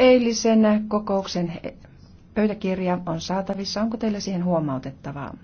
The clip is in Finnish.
Eilisen kokouksen pöytäkirja on saatavissa. Onko teillä siihen huomautettavaa?